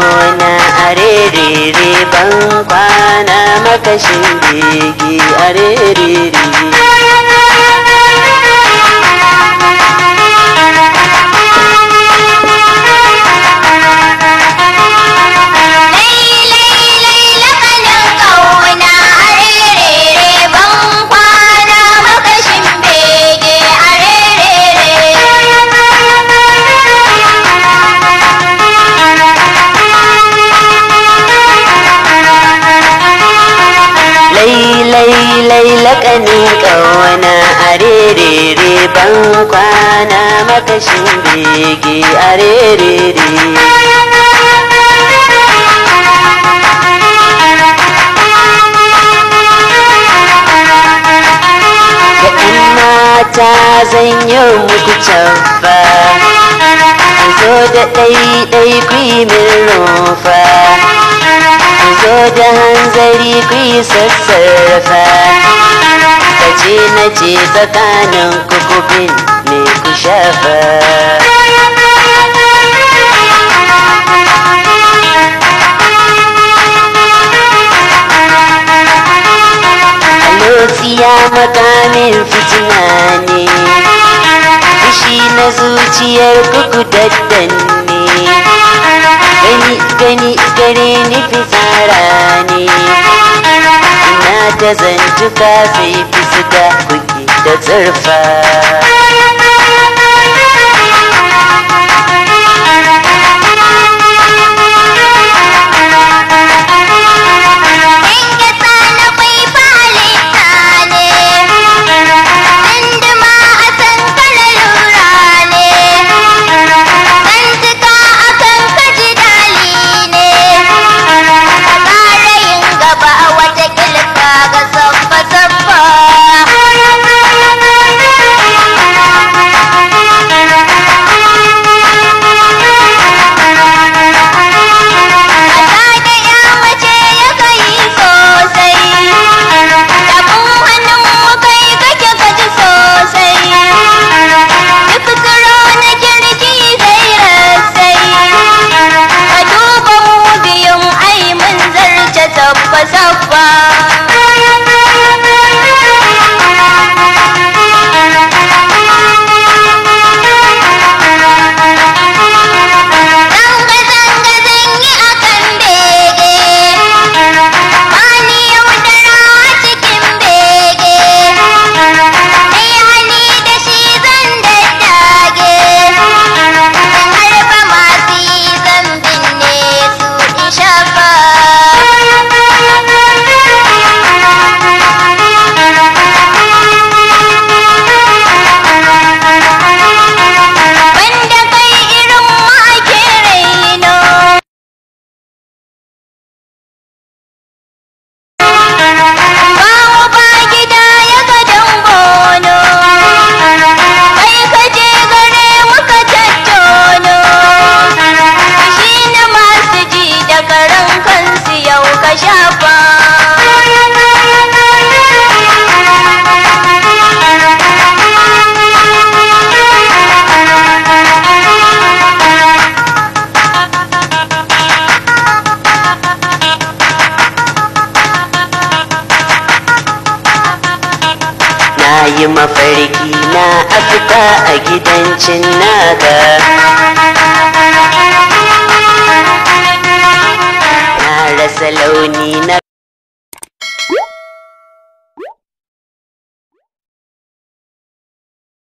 zauna a rerere ban kwana makashin bege a rere ban kwana makashin bege a rere ta zan yau muku canfa an zo da ɗaiɗai min rumfa an zo da hanzari ku yi sassarfa ce na ce tsakanin kukufin me ku shafa Alofiya makamin fitina ne fushi na zuciyar kuku daddanne gani gani gare ni fitsara ne da zan ji dafe fuska kuke da zurfa அப்பா na yi mafarki na afka a gidancin naga na rasa launi na